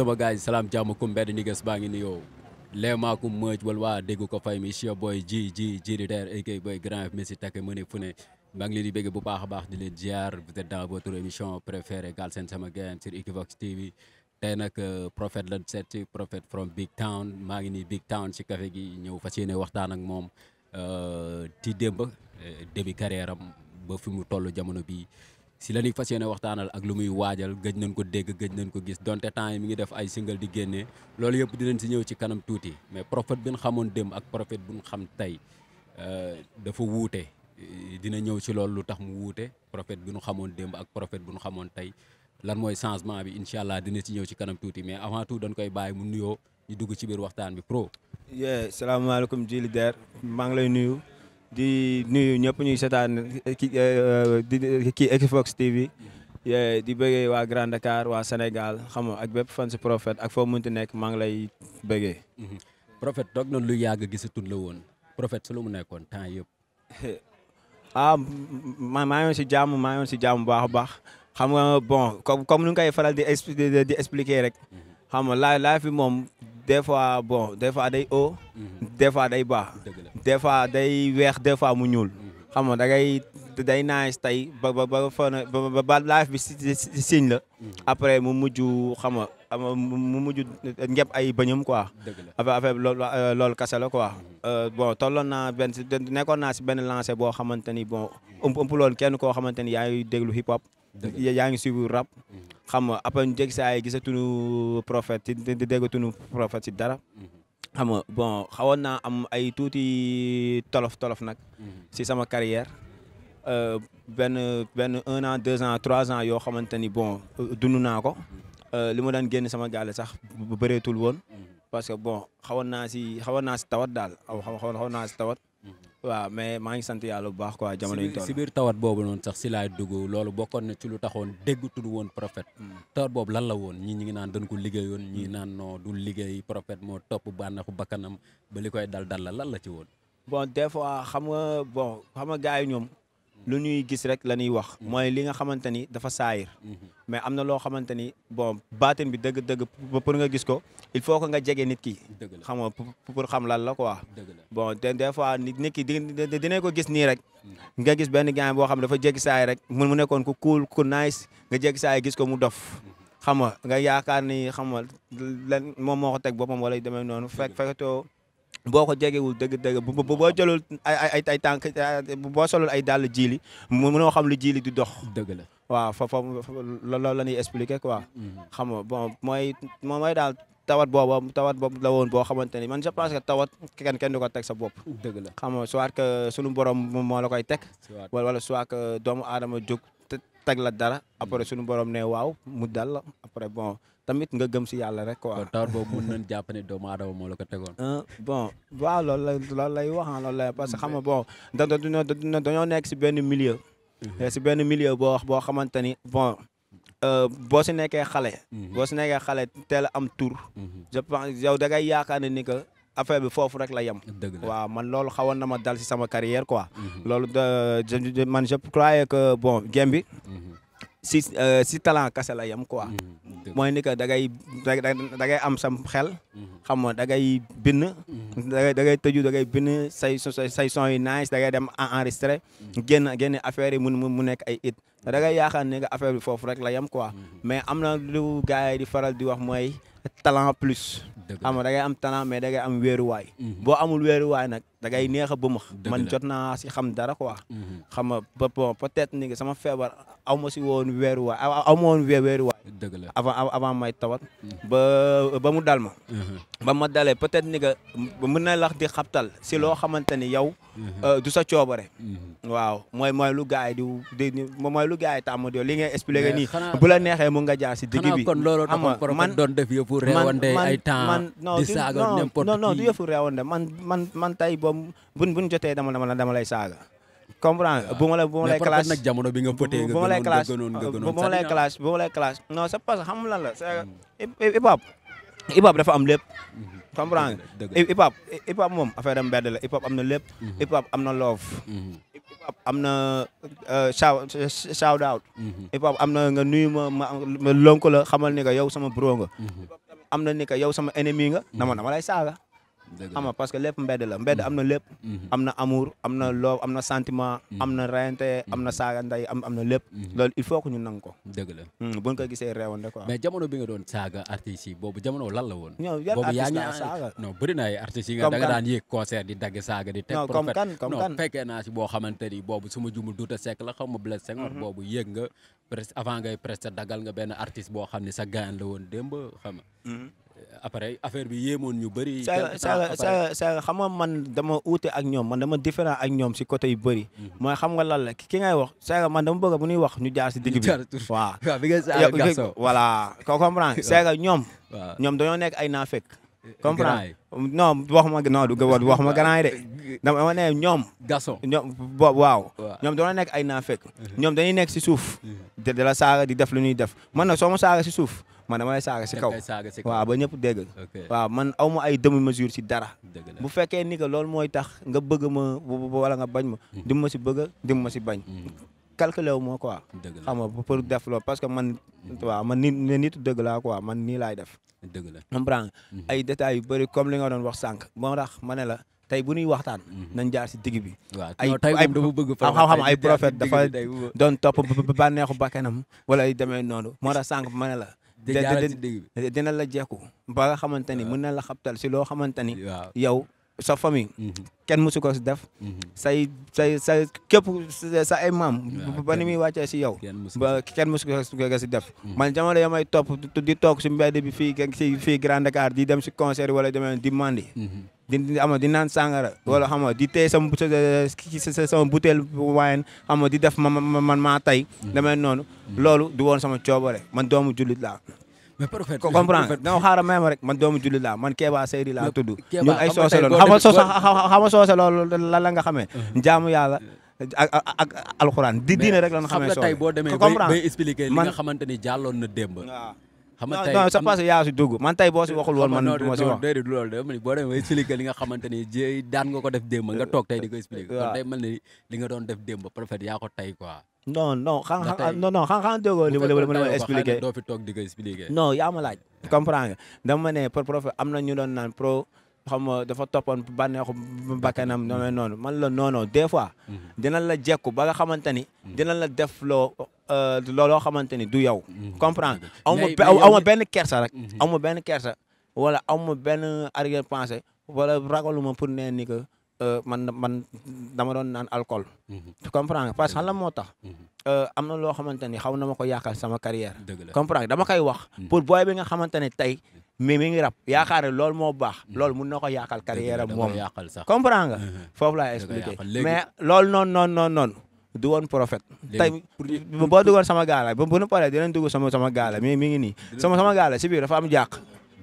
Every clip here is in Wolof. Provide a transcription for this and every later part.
sama gars salaam jàmm kum mbedd ni ges baa ngi nuyoo leemaakum mëj wala waa dégg ko fay mi chef booy ji ji ji di der ak booy grand mi si takk mu ne fu ne maa ngi leen di bégg bu baax a baax di leen ziar vous êtes dans votre émission préférée Galsen sama gain sur Equivox TV tey nag euh, prophète la seet ci prophète from big town maa ngi nii big town si kafe gi ñëw fa yéene waxtaan ak moom euh, ci démb euh, début carrière am ba fi mu toll jamono bii si la ñuy fas waxtaanal ak lu muy waajal gëj nañ ko dégg gëj nañ ko gis donte temps yi mi ngi def ay single di génnee loolu yëpp dinañ si ñëw ci kanam tuuti mais prophète bi ñu xamoon démb ak prophète bu ñu xam tey euh, dafa wuute dina ñëw ci loolu lu tax mu wuute prophète bi ñu xamoon démb ak prophète bu ñu xamoon tey lan mooy changement bi incha allah dina si ñëw si kanam tuuti mais avant tout dañ koy bàyyi mu nuyoo ñu dugg ci biir waxtaan bi pro. salaamaaleykum Djily Der maa ngi lay nuyu. di nuyu ñëpp ñuy seetaan eh, ki eh, eh, kii Equivox TV mm-hmm. di bëggee waa Grand Dakar waa Sénégal xam nga ak bépp fan si Prophète ak foo munti nekk maa ngi lay bëggee. Mm-hmm. Prophète toog na lu yàgg gisatul la woon Prophète su lu mu nekkoon temps yëpp. ah maa maa si jàmm maa yoon si jàmm baax a baax xam nga bon comme comme nu ñu faral di expli di expliquer rek mm-hmm. xam nga laay des fois bon des fois day haut mhm. des fois day baax des fois day weex des fois mu ñuul mhm. xam nga da ngay day nice tey ba ba ba ba ba live bi signe la mhm. après mu mujj xam nga mu mujj ñëpp ay bañum quoi affaire bi loolu euh, loolu kese la quoi euh, na tolloon naa benn nekkoon naa si benn lancé boo xamante ni bon ëmp ëmp loolu kenn koo xamante ni yaa ngi déglu hip hop yaa ngi suivre rab mm-hmm. xam nga après ñu jeg saa yi gisatuñu prophète di déggatuñu prophète si dara. Mm-hmm. xam bon xawoon naa am ay tuuti tolof tolof nag. si mm-hmm. sama carrière. Euh, benn benn un an deux ans trois ans yoo xamante ni bon euh, dund naa ko. Euh, li ma daan génn sama gaale sax bu bëreetul woon. parce que bon xawoon naa si xawoon naa si tawat daal xaw xawoon naa si tawat. waaw mais maa ngi sant yàlla bu baax quoi jamono yi toll si biir tawat boobu noonu sax si laay dugg loolu bokkoon na ci lu taxoon déggatul woon prophète hmm. tawat boobu lan la woon ñii ñi ngi naan dañ ko liggéeyoon ñii naan non du liggéey prophète moo topp bànneexu bakkanam ba li koy dal dal la lan la ci woon bon des fois xam nga bon xam ñoom lu ñuy gis rek la ñuy wax mm-hmm. mooy li nga xamante ni dafa saayir mm-hmm. mais am na loo xamante ni bon baatin bi dëgg dëgg pour nga gis ko il faut que nga jege nit ki xam nga pour xam lan la quoi bon te des fois nit ki dina ko gis nii rek mm-hmm. nga gis benn gaay boo xam dafa jéggi saay rek mu nekkoon ku cool ku nice nga jéggi saay gis ko mu dof xam nga nga yaakaar ni xam nga lan moom moo ko teg boppam wala demee noonu fekk fekkatoo boo ko jegewul dëgg-dëgg bu boo jëlul ay ay ay tànk boo solul ay dàll jiili mënoo xam lu jiili di dox. dëgg la waa fa fa loolu la ñuy expliquer quoi. Mm-hmm. xam nga bon mooy mooy daal tawat boobu tawat boobu la woon boo xamante ni man je pense que tawat kenn kenn du ko teg sa bopp. dëgg la xam nga soit que sunu borom moo la koy teg. wala soit que doomu aadama jóg. teg la dara après suñu borom ne waaw mu dal après bon tamit nga gëm si yàlla rek quoi. kon tawat jàpp ne doomu aadama moo la ko tegoon. Euh, bon waaw loolu la loolu lay wax ah, loolu lay parce que xam nga bon da dañoo nekk si benn milieu. Mhm. si benn milieu boo wax boo xamante ni bon. Euh, boo si nekkee xale. Mhm. boo si nekkee xale teel am tur. Mhm. je pense yow da ngay affaire bi foofu rek la yem. waaw man loolu xawoon na ma dal si sama carrière quoi. Mhm. loolu de euh, man je croyais que bon game si si mhm. euh, talent kase la yem quoi. Mhm. mooy ni que da ngay da ngay am sam xel. xam nga da dagay bind. da ngay da ngay tëju da ngay bind say say son yu nice da ngay dem enregistré. génn génn affaire yi mu mu nekk ay it. da ngay yaakaar ne nga bi foofu rek la yem quoi. mais am na lu gars di faral di wax mooy talent plus. xam nga da am talent mais da ngay am weeruwaay mhm. boo amu weeruwaay nag da ngay mm-hmm. neex a bëmaax. man jot naa si xam dara quoi. Mm-hmm. xam nga bon peut-être ni sama feebar aw ma si woon wa aw ma woon weeruwaay. wa la avant avant may tawat. Mm-hmm. ba mu dal ma. ba ma dalee peut-être ni que mën na lax di xabtal si loo xamante ni yow. Euh, du sa coobare. waaw mooy mooy lu gars yi di di mooy lu gars yi tàmm di li ngay expliqué nii. bu la neexee mun nga jaar si di saaga n'importe qui man man non non ko buñ buñ jotee dama dama dama lay saaga. comprendre ah. bu lay classe mais jamono bi nga potee nga gënoon lay classe bu ma lay classe non la c'est hip hop hip hop dafa am lépp. Mm-hmm. comprendre hip hop hip hop moom affaire am mbedd la hip hop am na lépp. Mm-hmm. am na love. Mm-hmm. hip hop am na euh, shout shout out. hip hop am na nga nuyu ma ma xamal ni que sama bro am na ni que sama ennemi nga. dama dama lay saaga. xam nga parce que lépp mbedd la mbedd am na lépp mhm. am na amour am na mhm. loo am na sentiment mhm. am na reyante am na saaga ndey am am na lépp loolu il faut que ñu nang ko dëgg la hmm, buñ ko gisee réewoon de quoi mais bi nga doon saaga artistes yi boobu jamono lan la woon boobu yaa ngi saaga non bëri na ay yi nga da daan yéeg concert di dagg saaga di teg comme kan fekkee naa boo xamante ni boobu su ma jumul duuta sekk la ma bless Senghor boobu yéeg nga presque avant ngay dagal nga benn artiste boo xam ne sa gaan woon démb xam nga après affaire bi yéemoon ñu bëri. saa saa saa xam nga man dama uute ak ñoom man dama différent ak ñoom si côté yu bëri. Mhm. mooy xam nga lan la ki ngay wax saa man dama bëgg bu ñuy wax ñu jaar si digg bi. waaw waaw bi nga saa garçon voilà ko comprendre saa ñoom. waaw ñoom dañoo nekk ay naafeq. comprendre non waxuma non du gëwoon waxuma gànnaay de dama ne ñoom. gaso ñoom waaw. ñoom dañoo nekk ay fek ñoom dañuy nekk si suuf. Mhm. de la saaga di def lu ñuy def man nag soo saaga si suuf. man damay saaga si kaw waaw ba ñëpp dégg waaw man aw ma ay demi mesure si dara bu fekkee ni que loolu mooy tax nga bëgg ma wala nga bañ ma hmm. dim ma si bëgg dim ma si bañ hmm. calculé wu ma quoi xam nga pour def loolu parce que man hmm. waaw man ni ne nitu dëgg laa quoi man nii def dëgg la comprendre ay détails yu bëri comme li nga doon wax sànq moo ma ne la bu ñuy waxtaan nañ jaar si digg bi ay xam-xam ay prophète dafa doon topp bànneexu bakkanam wala ay demee noonu moo tax sànq ma ne dina la jekku ba nga xamante ni mën na la xabtal si loo xamante ni yow sa famille. Mhm. kenn mësu si def. Mhm. say say say képp sa ay maam. ba ni muy wàccee si yow. ba kenn mësu ko si def. Mhm. man jamono ya may topp di toog si mbedd bi fii si fii Grand Dakar di dem si concert wala demee di mandi. di ama di naan sàngara wala xam nga di téye sama sama butéel waaye xam nga di def ma man maa tey. damay noonu. loolu di woon sama coobare man doomu jullit laa. mais prophète comprendre non xaaral même rek man doomu julli laa man Kéba Seydi laa tudd ñun ay soose loolu xam nga soose xam nga soose la nga xamee uh-huh. jaamu yàlla ak ak alxuraan di diine rek boo demee bay expliquer li nga xamante ni jàlloon na démb waaw xam nga tey non c'est parce que yaa si man tey boo si waxul woon man du ma si wax déedéet li nga xamante ni jéey daan nga ko def démb nga toog tey ko expliquer kon tey li nga doon def démb prophète yaa tey quoi non no xam-xam non non xam-xam déggoo li ma expliqué doo fi laaj comprendre dama ne pour prof am na ñu doon naan pro xam nga dafa toppoon bànneexu bakkanam noonu noonu man la noono non des fois mhm. la jekku ba nga xamante ni mhm. dinañ la def loo euh, looloo xamante ni du yow comprendre aw ma benn kersa rek mhm. aw ma benn kersa wala aw ma benn arrière pensée wala ragaluma pour ne ni que Euh, man man dama doon naan alcool. Mhm. tu comprends nga parce que mhm. la moo tax. Mhm. Euh, am na loo xamante ni xaw na ma ko yàqal sama carrière. comprends dama koy wax. pour booy bi nga xamante ne tey. mii mi ngi rab yaakaar lool moo baax. lool mun na ko yàqal carrière am moom comprends nga. foofu laa expliqué mais lool noonu noonu noonu noonu. du woon prophète. tey boo duggoon sama gaala ba bu nu paree dinañ dugg sama sama gaala mais mi ni nii. sama gaala si biir dafa am jàq.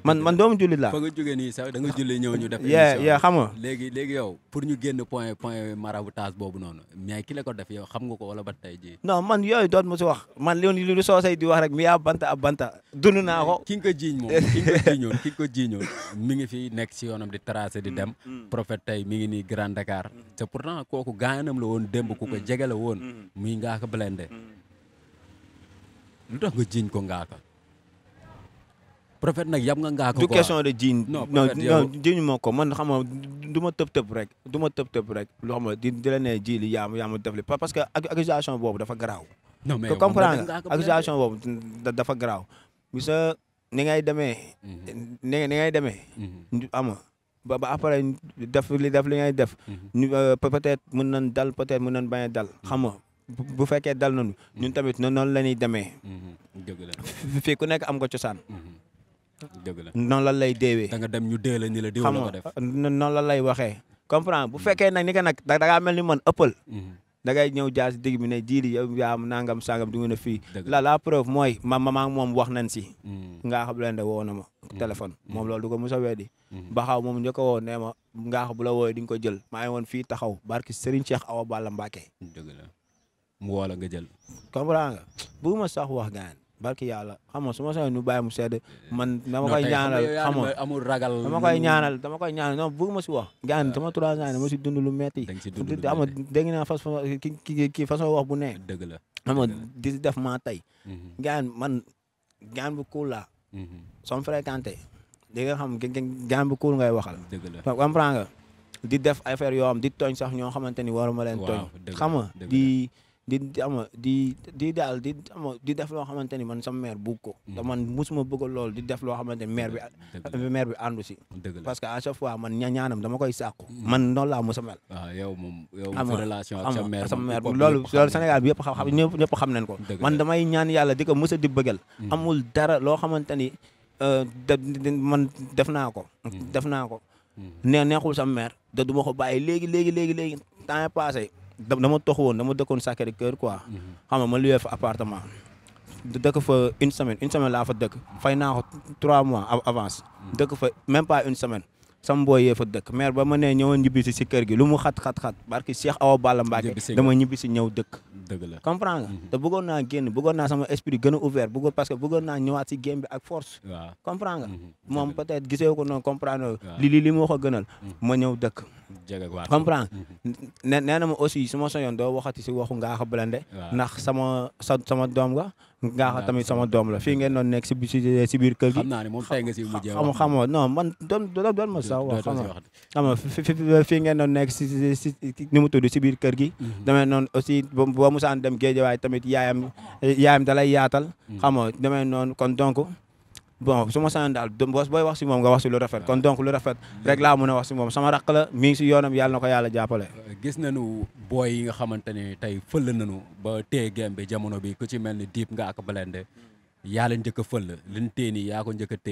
man man doomu jullit la fa nga jógee nii sax da nga julli ñëw ñu def. émission bi xam nga. léegi léegi yow pour ñu génn point point maraboutage boobu noonu mais ki la ko def yow xam nga ko wala ba tey jii. non man yooyu doot mu si wax man li li soosay di wax rek mi yaa banta a banta. dund naa ko ki nga ko jiiñ moom ki ko jiiñoon ki nga mi ngi fi nekk si yoonam di tracé di dem. Mm, mm. profet tey mi ngi nii Grand Dakar. Mm, te pourtant kooku gaanam la woon démb ku ko jege la woon. muy Ngaaka Blindé. lu tax nga jiiñ ko Ngaaka prophète nag yab nga ngaa ko. du question de jiin. non non jiiñu ko man xam nga du ma tëb tëb rek du ma tëb tëb rek loo xam di di la nee ji li yaa ma yaa ma def li parce accusation boobu dafa garaaw. non mais comprendre nga accusation boobu dafa garaaw. bisa ni ngay demee. Mhm. ni ni ngay demee. Mhm. ama ba ba après def li def li ngay def. Mhm. ñu euh, peut-être mën nañ dal peut-être mën nañ bañ dal xam nga bu fekkee dal nañu. ñun tamit noonu la ñuy demee. dëgg ku nekk am nga cosaan. dëgg la noonu la lay deewee. da nga dem ñu la ni la diw la ko def xam nga noonu la lay bu fekkee nag ni que nag da ngaa mel ni man ëppal. Mhm. da ngay ñëw jaas digg bi ne jiili yaa am nangam sangam du ngeen a fii. la la preuve mooy ma maman moom wax nañ si. Mhm. ngaa xam leen de woo na ma. Mhm. téléphone moom lool du ko mos a weddi. baxaw moom njëkk a woo nee ma ngaa xam bu la wooyee di ko jël maa woon fii taxaw barki Serigne Cheikh Awa Balla Mbacke. dëgg la mu woo la nga jël. comprendre nga bëgguma sax wax gaan barki yàlla xam nga su ma nu bàyyi mu sedd man dama koy ñaanal xam nga amul ragal dama koy ñaanal dama koy ñaanal non bëgg ma si wax gaan sama trois ans dama si dund lu metti xam nga dégg naa fas ki kii façon wax bu ne dëgg la xam nga di def maa tey mhm. gaan man gaan bu cool la mhm. som fréquenté di nga xam gaan bu cool ngay waxal comprends nga di def affaire yoo xam di tooñ sax ñoo xamante ni waruma leen tooñ di di ama di di daal di ama di def loo xamante man sama maire bugg ko mm. te man musuma bëgg loolu di def loo xamante ni maire bi maire bi àndu si parce que à chaque man ñaanam dama koy sàkku mm. man noonu laa musa mel waaw ah, yow moom yow sa relation ak sa maire sama maire loolu loolu xam xam ñëpp xam nañ ko man damay mm. amul dara loo xamante euh, man def naa ko def naa ko nee neexul sama maire da duma ko bàyyi léegi léegi léegi léegi dama tox woon dama dëkkoon Sacré Cœur quoi. xam nga ma luwee fa appartement. dëkk fa une semaine une semaine laa fa dëkk fay naa ko trois mois avance. dëkk fa même pas une semaine. sama mbooy yee fa dëkk maire ba ma nee ñëwoon ñibbisi si kër gi lu mu xat xat xat barki Cheikh Awa Balla Mbacke dama ñibbisi ñëw dëkk. dëgg la comprends nga. Mhm. te bëggoon naa génn bëggoon naa sama esprit gën a ouvert bëggoon parce que bëggoon naa ñëwaat si game bi ak force. waaw mhm. moom peut être gisee ko noonu comprendre li li li ma wax a gënal. Mhm. ma ñëw dëkk. jege waat comprends nee na ma aussi su ma soñoon doo waxati si waxu Ngaka Blindé. ndax sama sa sama doom ga ngaaxa tamit sama doom la fii ngeen doon nekk si si biir kër gi. xam naa ne moom tey nga si mujjee wax xam nga man doon doon ma sax wax xam nga xam nga fii ngeen doon nekk si si ni mu tudd si biir kër gi. Mhm. damay noonu aussi boo musaan dem géejawaay tamit yaayam yaayam dalay yaatal. Mhm. xam nga damay noonu kon donk bon su ma sañoon daal booy wax si moom nga wax si lu rafet kon donc lu rafet rek laa mën a wax si moom sama raq la mi ngi si yoonam yàlla na ko yàlla jàppale euh, gis nañu booy yi nga xamante ne tey fël nañu ba téye gembe jamono bi ku ci mel ni Dip nga ak Blindé yaal la njëkk a fël liñ téye nii yaa ko njëkk a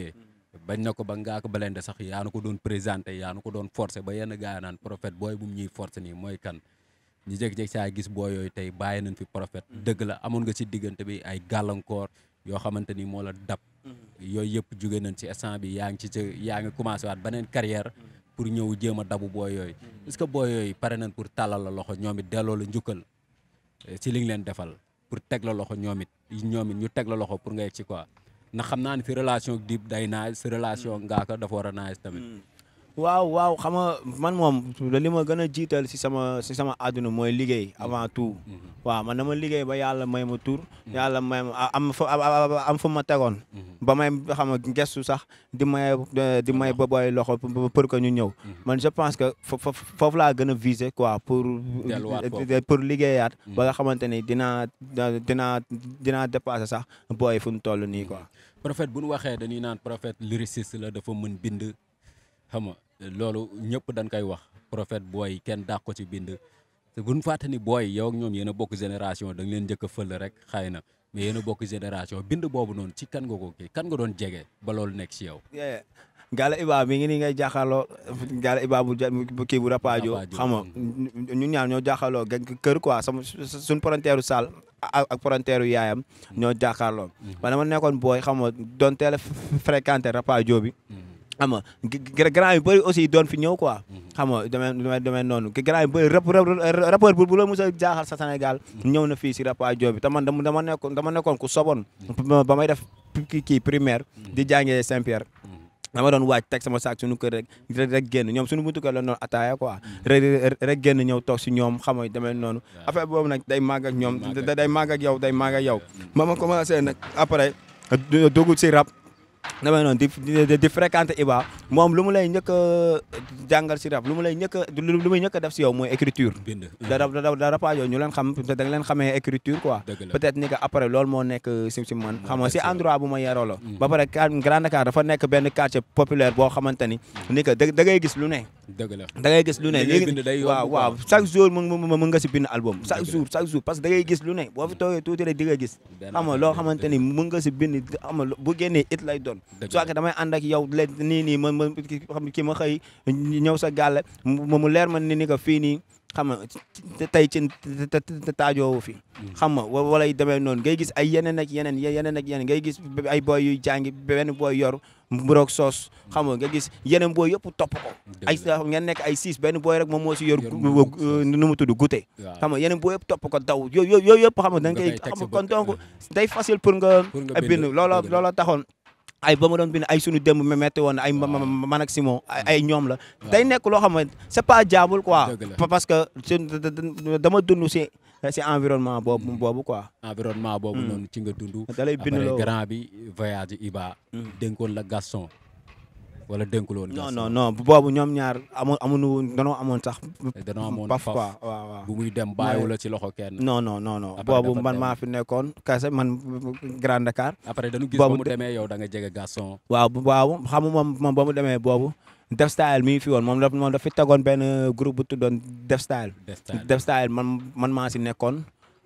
bañ na ko ba nga ak Blindé sax yaa ko doon présenté yaa ko doon forcé ba yenn gars yi booy bu mu ñuy forcé nii mooy kan ñu jékki-jékki saa gis booy yooyu tey bàyyi nañ fi prophète mm. dëgg la amoon nga si diggante bi ay gàllankoor yoo xamante ni moo la dab. Mm-hmm. yooyu yëpp juge nañ ci instant bi yaa ngi ci yaa ngi commencé waat beneen carrière. Mm-hmm. pour ñëw jéem a dabu booy yooyu. Mm-hmm. est que booy yooyu pare nañ pour tàllal la loxo ñoomit it delloo la njukkal eh, ci li leen defal pour teg la loxo ñoom it ñoom it ñu teg la loxo pour nga yegg ci quoi ndax xam naa ne fi relation ak Dip day naaj sa relation ngaaka dafa war a naaj tamit. waaw waaw xam nga man moom li ma gën a jiital si sama si sama àdduna mooy liggéey avant tout mm-hmm. waaw man na ma liggéey ba yàlla may ma tur mm-hmm. yàlla may ma am fa am fu ma tegoon mm-hmm. ba may xam nga gestu sax di may di may ba booy loxo pour que ñu ñëw man je pense que foofu laa gën a viser quoi pour pour liggéeyaat ba ga xamante ni dinaa dinaa dinaa dépasser sax booy fu mu toll nii quoi prophète bu ñu waxee dañuy naan prophète lyriciste la dafa mën bind xam loolu ñëpp dañ koy wax prophète booy kenn dàq ko ci bind te bu booy yow ak ñoom yéen a bokk génération da leen njëkk a fël rek xëy na mais bokk génération bind boobu noonu ci kanga nga ko kii kan nga doon jege ba loolu nekk ci yow. Gala Iba mi ngi nii ngay jaaxaloo Gala Iba bu bu kii bu Rapadio. xam nga ñun ñaar ñoo jaaxaloo kër quoi sama suñ parenteeru Sall ak parenteeru yaayam. ñoo jaaxaloo. Mm-hmm. man dama nekkoon booy xam nga doon teel a fréquenté bi. Mm-hmm. xam nga grand yu bëri aussi doon fi ñëw quoi. xam nga domaine domaine noonu grand yu bëri rap rappeur bu bu la mos a jaaxal sa Sénégal. ñëw na fii si rap Adio bi te man dama nekkoon dama nekkoon ku soboon. ba may def kii primaire. di jàngee Saint-Pierre. dama doon waaj teg sama saak suñu kër rek rek génn ñoom suñu buntu kër la noonu ataaya quoi rek rek génn ñëw toog si ñoom xam nga demee noonu affaire boobu nag day màgg ak ñoom day màgg ak yow day màgg ak yow ma ma commencé nag après dugg si rap damay noonu di di fréquenter Iba moom lu mu lay ñëkk a jàngal si rap lu mu lay njëkk a lu muy njëkk a def si yow mooy écriture da da rapage yooyu ñu leen xam da nga leen xamee écriture quoi peut-être ni que après loolu moo nekk si si man ah, xam nga si endroit bu ma yeroo mm. ba pare Grand Dakar dafa nekk benn quartier populaire boo xamante ni ni que da ngay gis lu ne dëgg la da ngay lu ne léegi waaw waaw chaque jour mu mën nga si bind album chaque jour chaque jour parce que da ngay ne boo fi toogee tuuti rek di nga gis xam nga loo ni mën nga si bind xam nga bu génnee it lay doon soit que damay ànd ak yow leen nii nii ma xam ki ma xëy ñëw sa ma mu leer ma ni ni ko fii nii xam nga tey ci taajoowu fi hmm. xam nga walay demee noonu ngay gis ay yeneen ak yeneen yeneen ak yeneen ngay gis ay booy yuy jàngi benn booy yor mburoog soos hmm. nga nga gis yeneen booy yëpp topp ko ay ngeen nekk ay six benn booy daw yooyu yooyu yëpp xam nga da nga ay ba ma doon bind ay sunu démb ma metti woon ay man ak ay ñoom la day nekk loo xam ne c'est pas jaabul ko parce que dama dundu si si environnement boobu mm. boobu quoi environnement boobu mm. noonu ci nga dund da lay bind loo grand bi voyage Iba mm. dénkoon la Gaston wala dénkul woon. non non boobu ñoom ñaar amoon amuñu danoo amoon sax. Eh, danoo amoon paf quoi waaw waaw. bu muy dem bàyyiwu wala si loxo kenn. non non non non boobu man maa fi nekkoon kase man Grand Dakar. après dañu gis ba mu demee yow da nga jege Gaston. waaw waaw xam nga moom ba mu demee boobu. Def Style mi ngi fi woon moom da moom dafa tegoon benn groupe bu tuddoon Def Style. Def Style man man maa si nekkoon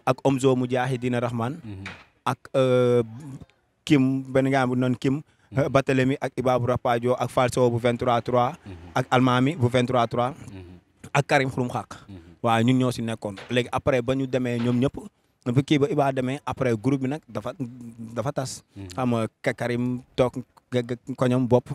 ak Omzo dina Rahman. Mhm. ak euh, Kim benn ngaa bu noon Kim. Barthélemy ak Iba bu Rapadio ak Falso bu 23-3. Mhm. ak Almami bu 23-3. Mhm. ak Karim Xurum Xaq. Mhm. waa ñun ñoo si nekkoon léegi après ba ñu demee ñoom ñëpp. bu kii ba Iba demee après group bi nag dafa dafa tas. xam nga Karim toog koñom bopp.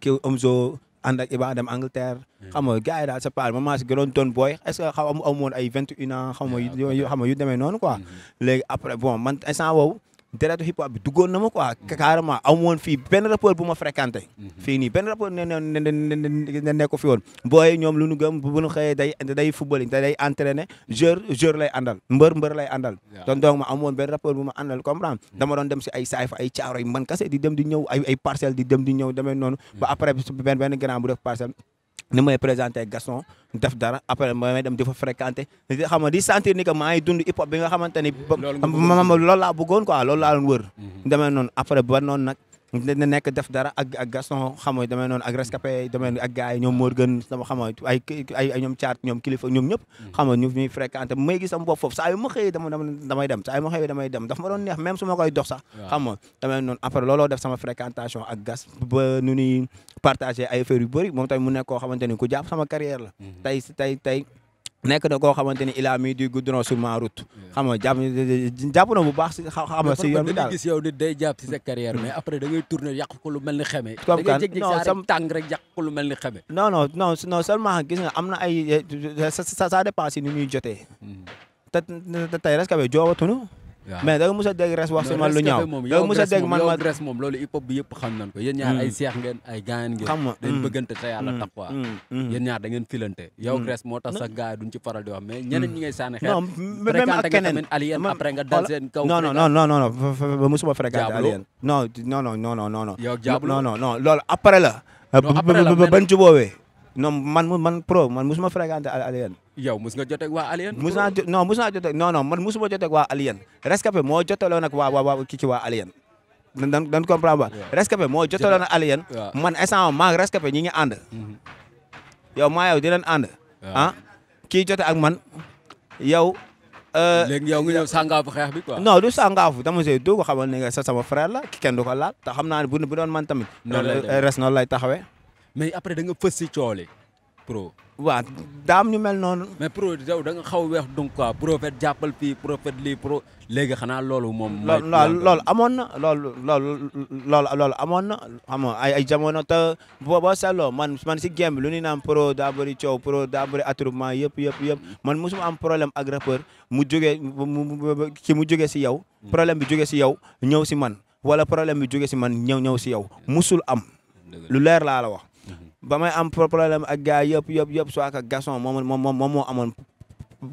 kii Omzo ànd ak Iba dem Angleterre. xam nga gars yi daal c'est pas moment si gënoon doon booy est-ce xaw ay vingt et xaw ma yu xam nga yu demee noonu quoi. léegi après bon man instant boobu deretu hip hop bi duggoon na ma quoi mm-hmm. carrément am woon fii benn rappeur bu ma fréquenté mm-hmm. fii nii benn rappeur ne ne nekko fi woon booy ñoom lu ñu gëm bu ñu xëyee day day football day entraîné joueur joueur lay àndal mbër mbër lay àndal donc donc ma am woon benn rappeur bu ma àndal comprendre mm-hmm. dama doon dem si ay saay fa ay caaro yi man kase di dem di ñëw ay ay parcelle di dem di ñëw demee noonu ba après benn benn grand bu def parcelle ni may présenté Gaston def dara après may dem fa fréquenté xam nga di sentir ni que maa ngi dund hip hop bi nga xamante ni. loolu laa bëggoon quoi loolu laa doon mhm. après ba dina nekk def dara ak ak Gaston xam nga damay noonu ak rescapé damay ak gars yi ñoom moo gën sama xam nga ay ay ñoom caat ñoom kilifa ñoom ñëpp. Hmm. xam nga ñu ñuy fréquenté may gis sama bopp foofu saa yu ma xëyee dama damay dem saa yu ma xëyee damay dem daf ma doon neex même su ma koy dox sax. xam nga damay noonu après looloo def sama fréquentation ak gas ba nu ñuy partagé ay affaire yu bëri moom tamit mu nekk koo xamante ni ku jàpp sama carrière la. Hmm. tey tey tey. nekk na koo xamante ni il a mis du goudron sur ma route. xam na bu baax si xam si yoon bi daal gis yow day jàpp si sa carrière après da ngay tourner yàq ko lu mel ni xeme. comme kan non sam tàng lu mel ni xeme. non non non non seulement gis nga am na ay sa sa ça dépend si ni ñuy jotee. Hmm. te te tey rek ka ba joobatuñu mais da nga mës a dégg res wax si man lu ñaaw da nga mës a dégg man ma res loolu hip hop yëpp xam nañ ko yéen ñaar ay hmm. seex ngeen ay gaayan ngeen xam nga dañ hmm. hmm. moo tax sax gars faral di wax mais ñeneen ñi ngay sànni xeer même ak keneen alien après nga dal ba musuma fréquenté man man pro man musuma fréquenté alien yow mus nga joteeg waa Alien. mus naa non mus naa joteeg non non man musuma joteeg waa Alien rescapé moo jotaloon ak waa waa kii ci waa Alien. dan dan comprendre ba rescapé moo jotaloon ak Alien. man instant maa ngi rescapé ñi ngi ànd. Mm-hmm. yow maa yow di leen ànd. ah kii jote ak man yow. Euh, léegi yow nga ñëw sàngaafu xeex bi quoi. non du sàngaafu dama see du ko xamal ne sa sama frère la ki kenn du ko laal te xam naa ne bu bu doon man tamit. noonu lay euh, res noonu lay taxawee. mais après da nga fës si coole pro. waaw daam ñu mel noonu. mais pro yow da nga xaw a weex donc quoi prophète jàppal fii prophète lii pro léegi xanaa loolu moom. mooy loolu amoon na loolu loolu loolu loolu amoon na xam ay ay jamono te boo boo seetloo man man si game bi lu ñuy naan pro daa bëri coow pro daa bëri yëpp yëpp yëpp man mosuma am problème ak rappeur mu jógee mu ki mu jógee si yow. Hmm. problème bi juge si yow ñëw si man wala problème bi jógee si man ñëw ñëw si yow. musul am lu leer laa la wax. ba may am problème ak gars yëpp yëpp yëpp soit ak Gaston moom moom moom moo amoon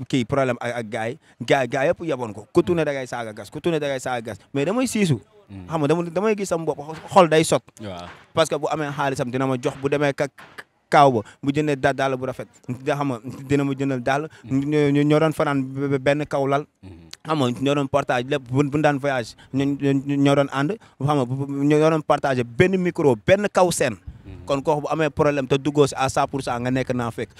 kii problème ak ak gars yi gars gars yëpp yaboon ko ku tourné da ngay saaga gas ku tourné da ngay saaga gas mais damay siisu. Hmm. xam nga dama damay gis sama bopp xol day sot. waaw parce que bu amee xaalisam dina ma jox bu demee ka kaaw ba bu jëndee da daal bu rafet da xam nga dina ma jëndal daal hmm. ñoo doon fanaan benn kaw lal hmm. xam nga ñoo doon partage lépp bu daan voyage ñoo doon ànd xam nga ñoo doon partagé benn micro benn kaw seen kon kooku bu amee problème te duggoo si à 100 pour cent nga nekk naa fekk.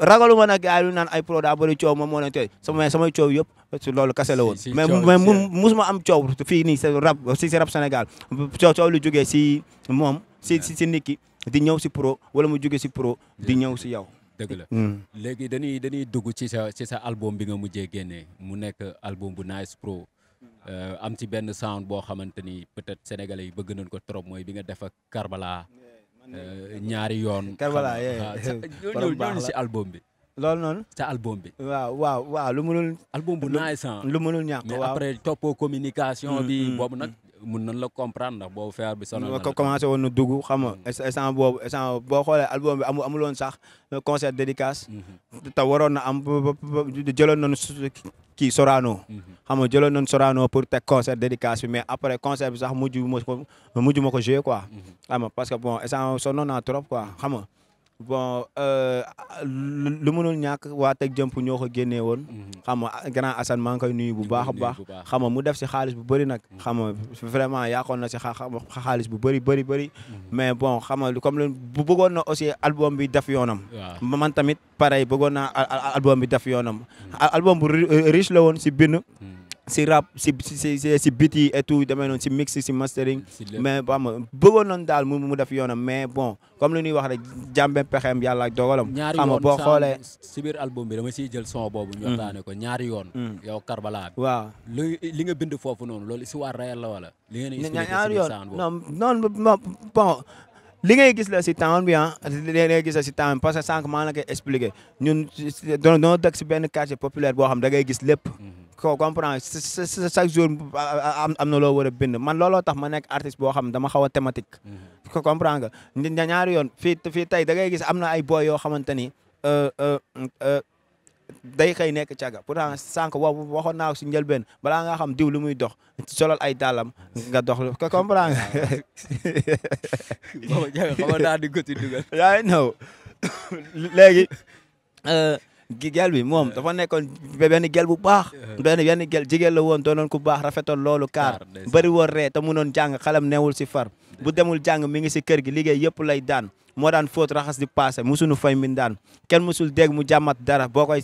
ragaluma nag gars yi naan ay pro daa bëri coow moom moo leen tey samay samay coow yëpp si loolu kase la woon. mais mais musuma am coow fii nii si rab si si rap Sénégal coow coow lu jógee si moom si si si nit ki di ñëw si pro wala mu jógee si pro di ñëw si yow. dëgg la mm. léegi dañuy dañuy dugg ci sa ci sa album bi nga mujjee génnee mu nekk album bu nice pro. Euh, am ci benn sound boo xamante ni peut-être sénégalais yi bëgg nañ ko trop mooy bi nga def ak Karbala. Euh, ñaari yoon. Karbala loolu ñëw si album bi. loolu noonu. sa album bi. waaw waaw waaw lu mënul. album bu naay san lu mënul ñàkk waaw mais après toppoo communication mm, bi. Mm, boobu mm. nag mun nañ la comprendre ndax boobu feebar bi. sonal na ko commencé woon na dugg xam nga instant boobu instant boo xoolee album bi amu amuloon sax concert dédicace. Mm-hmm. te waroon na am ba kii Sorano. Mhm. xam nga jëloon nañ Sorano pour teg concert dédicace bi mais après concert bi sax mujj ma ko mujj ma ko joué quoi. Mhm. parce que bon instant sonnoon naa trop quoi xam nga. bon euh, lu mënul ñàkk waa teg jëmp ñoo ko génnee woon. Mhm. xam nga grand Assane maa ngi koy nuyu bu baax a baax. xam nga mu def si xaalis bu bëri nag. Mhm. xam vraiment yaakoon na si xaalis bu bëri bëri bëri. Mhm. mais bon xam nga comme bu bëggoon na aussi album bi def yoonam. man tamit pareil bëggoon naa album bi def yoonam. album bu riche la woon si bind. si rap si si si si beat yi et tout demee noonu si mix si mastering. mais ba ma bëggoon nañ daal mu mu def yoonam mais bon comme lu ñuy wax rek jàmbe pexeem yàlla ak dogalam. xam nga boo xoolee si biir album bi dama siy jël son boobu. ñu mm. waxtaanee ko ñaari yoon. Mm. yow Karbala bi. waaw nga bind foofu noonu loolu si waa réel la wala. li ngeen di bon. li ngay gis la si temps bi ah li ngay la si temps parce que sànq maa la koy expliqué ñun doon doon dëkk si benn quartier populaire boo xam da ngay gis lépp. Mm-hmm. ko comprendre chaque jour am na loo war a bind man looloo tax ma nekk artiste boo xam dama xaw a thématique mm-hmm. ko comprendre nga ñaari yoon fii fii tey da ngay gis am na ay boy yoo xamante ni euh, euh, euh, day xëy nekk caga pourtant sànq wa waxoon naa si njëlbeen balaa nga xam diw lu muy dox solal ay dàllam nga dox nga. booba jafe xamoon naa di ko ci dugal. gel bi moom dafa nekkoon benn gel bu baax benn benn gel jigéen la woon doonoon ku baax rafetoon loolu kaar bëri woon ree te munoon jàng xalam neewul si far bu demul jàng mi ngi si kër gi liggéey yëpp lay daan moo daan fóot raxas di paase musuñu fay min daan kenn musul dégg mu jàmmat dara boo koy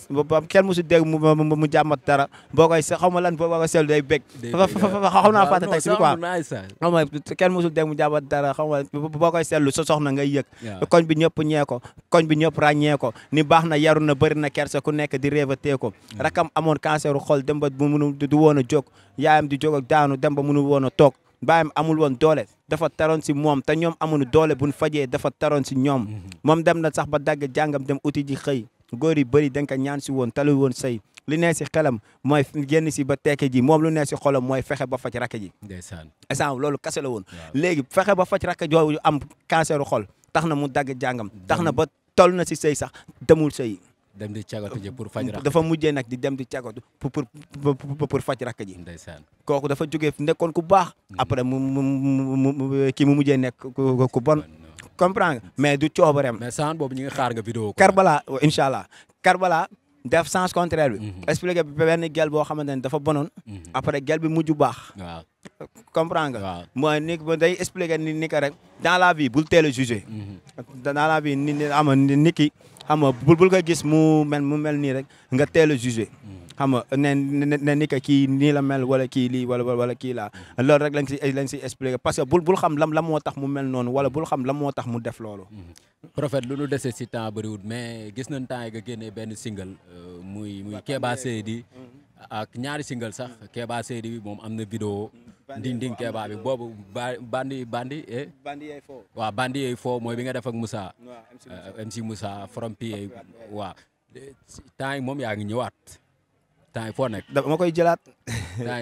kenn musul dégg mu mu jàmmat dara boo koy xaw ma lan boo koy seetlu day bég naa fàtte teg si bi quoi kenn musul dégg mu jàmmat dara xaw ma boo koy seetlu sa soxna ngay yëg koñ bi ñëpp ñee ko koñ bi ñëpp ràññee ko ni baax na yaru na bëri na kersa ku nekk di réevatee ko mm. rakam amoon cancer xol dem ba bu mënu du woon a jóg yaayam di jóg ak daanu dem ba mënu woon a toog baayam amul woon doole dafa taroon si moom te ñoom amuñu doole buñ fajee dafa taroon si ñoom mhm. moom dem na sax ba dagg jàngam dem uti ji xëy góor yi bëri dañ ko ñaan si woon talu woon say li nee si xelam mooy génn si ba tekke ji moom lu nee si xolam mooy fexe ba faj rakk ji ndeysaan loolu kase la woon léegi fexe ba faj rakk jooju am canceru xol tax na mu dagg jàngam tax na mhm. ba toll na si say sax demul say dem di cagatu ji pour faj rakk dafa mujjee nag di dem di cagatu pour pour pour pour faj rakk ji. ndeysaan kooku dafa jógee nekkoon ku baax. Mm. après mu mu mu mu kii mu mujjee nekk ku bon. comprendre nga mais du coobareem. mais saan boobu ñu ngi xaar nga vidéo ko. Karbala incha allah Karbala def sens contraire bi. Mm-hmm. expliqué benn gel boo xamante ne dafa bonoon. Mm-hmm. après gel bi mujj baax. waaw mooy ni day expliqué ni ni que rek dans la vie bul teel a jugé. Mm-hmm. dans la vie ni ni ama ni xam nga bul ka gis mu mel mu mel nii rek nga teel a jugé xam nga ne ne ni kii nii la mel wala kii lii wala wala kii laa loolu rek lañ si lañ si expliqué parce que bul bul xam lam la moo tax mu mel noonu wala bul xam la moo tax mu def loolu. prophète lu nu dese si temps bëriwul mais gis nañ temps yi nga génnee benn single euh, muy muy Kéba Seydi ak ñaari single sax Kéba Seydi bi moom am na vidéo Dinding Keba bi boobu bandi bandi eh. bandi yey foo waaw bandi yey foo mooy bi nga def ak Moussa. MC eh, eh, Moussa from PA waaw temps yi moom yaa ngi ñëwaat. temps yi foo nekk. dama koy jëlaat.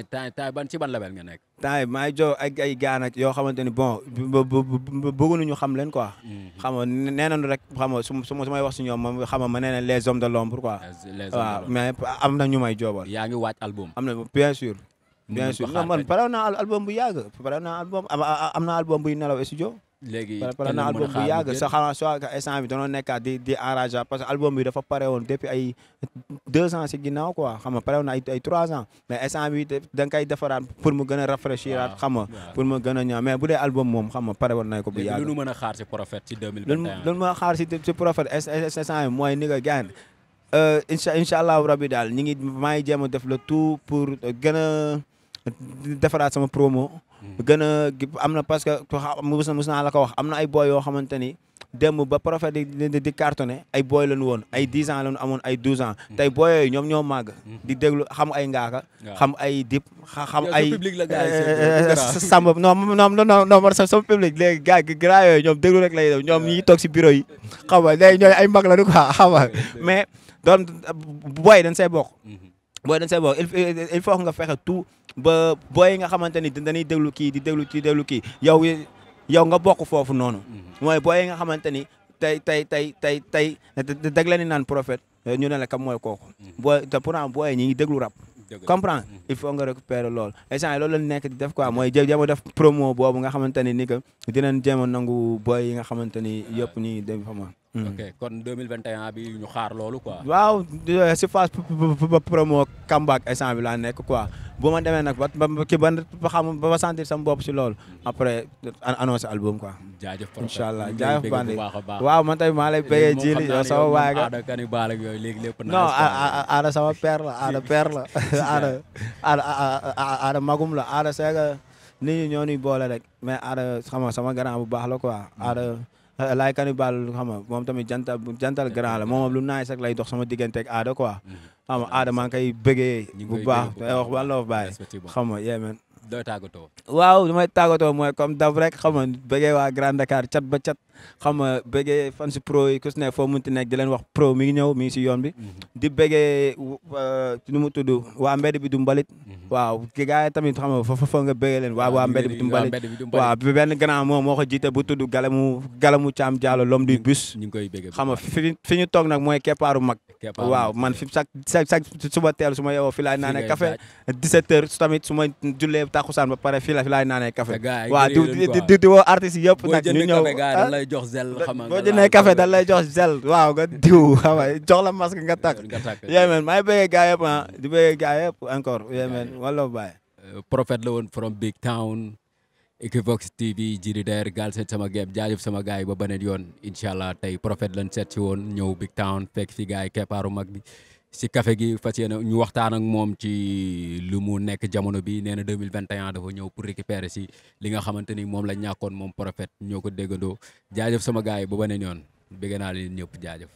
temps yi temps yi ban ci ban label nga nekk. temps yi maa ngi jox ay ay gaa nag yoo xamante ni bon bëgguñu ñu xam leen quoi. Mm-hmm. xam nga nee nañu rek xam nga su ma wax si ñoom moom xam nga ma nee na les hommes de l'ombre quoi. les hommes de l'ombre waaw mais am na ñu may joobal. yaa ngi waaj album. am na bien sûr. bien sûr non man pare naa album bu yàgg pare naa album am naa album buy nelaw studio. léegi pare naa bu yàgg sa xanaa soit instant bi danoo nekkaat di di album bi dafa pare woon depuis ans si ginnaaw quoi xam nga pare woon ay ay trois ans mais instant bi da nga koy defaraat mu gën a rafraîchiraat xam nga pour mu gën a ñëw mais bu dee album moom xam nga pare woon nañ ko bu yàgg. léegi lu nu mën a daal ñu ngi maa ngi jéem def le tout pour a defaraat sama promo. Hmm. gën a am na parce que mos na mos la ko wax am na ay boy yoo xamante ni démb ba profet di di di cartonné ay boy lañu woon ay 10 ans lañu amoon ay 12 ans. Hmm. tey boy yooyu ñoom ñoo màgg. Hmm. di déglu xam ay ngaaka. xam ay dip xam ay. Eh, eh, eh, samba non non non non sama public léegi gars yi gars yooyu ñoom déglu rek lay def ñoom ñi toog si bureau yi. xam nga léegi ñooy ay mag lañu quoi xam nga mais doon boy dañ say bokk. booy dañ say boobu il faut nga fexe tout ba booy nga xamante ni dañuy déglu kii di déglu kii déglu kii yow yow nga bokk foofu noonu. Mm-hmm. mooy booy nga xamante ni tey tey tey tey tey dag la ni naan prophète ñu ne la kam mooy kooku. Mm-hmm. booy te pourtant booy ñi ngi déglu rap. comprendre mm-hmm. il faut nga récupérer loolu instant loolu la nekk di def quoi mooy jéem a def promo boobu nga xamante ni ni que dinañ jéem a nangu booy yi nga xamante ni yëpp ñuy dem fa Mm. ok kon 2021 bi ñu xaar loolu quoi. waaw euh, si phase promo comeback instant bi laa nekk quoi bu ma demee nag ba ba kii ba xam ba sentir sama bopp si loolu après annoncé album quoi. jaajëf projet incha allah jaajëf bandi waaw man tamit maa lay bëggee jili yow sama waay ga non aada sama père la aada père la aada aada aada magum la aada seega nit ñi ñoo boole rek mais aada xam sama grand bu baax la quoi aada. Euh, laay Kanibal xam nga moom tamit jantal jantal grand la moom lu naay sax lay dox sama diggante ak aada quoi. Mhm. xam nga aada maa ngi koy bëggee. bu ba wax ban la bàyyi xam nga yee man. dooy tàggatoo. waaw li may tàggatoo mooy comme daf rek xam nga bëggee Grand Dakar cat ba cat. xam nga bëggee pro yi ku si nekk foo wax pro mi ngi mi si yoon bi. Mhm. di bëggee euh, nu mu tudd waa mbedd bi du mbalit. Mhm. waaw gars yi tamit xam nga fa fa nga bëggee leen waa waa mbedd bi du mbalit waaw benn grand moom moo ko jiite bu tudd Galamu Galamu Thiam Diallo l'homme du bus. ñu ngi koy bëggee xam nga fi fi ñu toog nag mooy keppaaru mag. waaw man fi chaque chaque suba teel su ma yeewoo fi laay naanee café 17h tamit su ma jullee takusaan ba pare fi la fi laay naanee waaw di di woo artistes yëpp nag ñu lay jox zel xam nga boo jëndee café dañ lay jox zel waaw nga diw xam nga la masque nga takk yéen man maa ngi bëggee gars yëpp ah di bëggee gars yëpp encore yéen man wala euh, la woon from big town Equivox TV jiri der gaal sama game jaajëf sama gars yi ba beneen yoon tey prophète si woon ñëw big town fekk fi gars yi keppaaru mag si kafe gi fas yéene ñu waxtaan ak moom ci lu mu nekk jamono bi nee na 2021 dafa ñëw pour récupérer si li nga xamante ni moom la ñàkkoon moom Prophète ñoo ko déggandoo jaajëf sama gars yi ba beneen yoon bëgg naa leen ñëpp jaajëf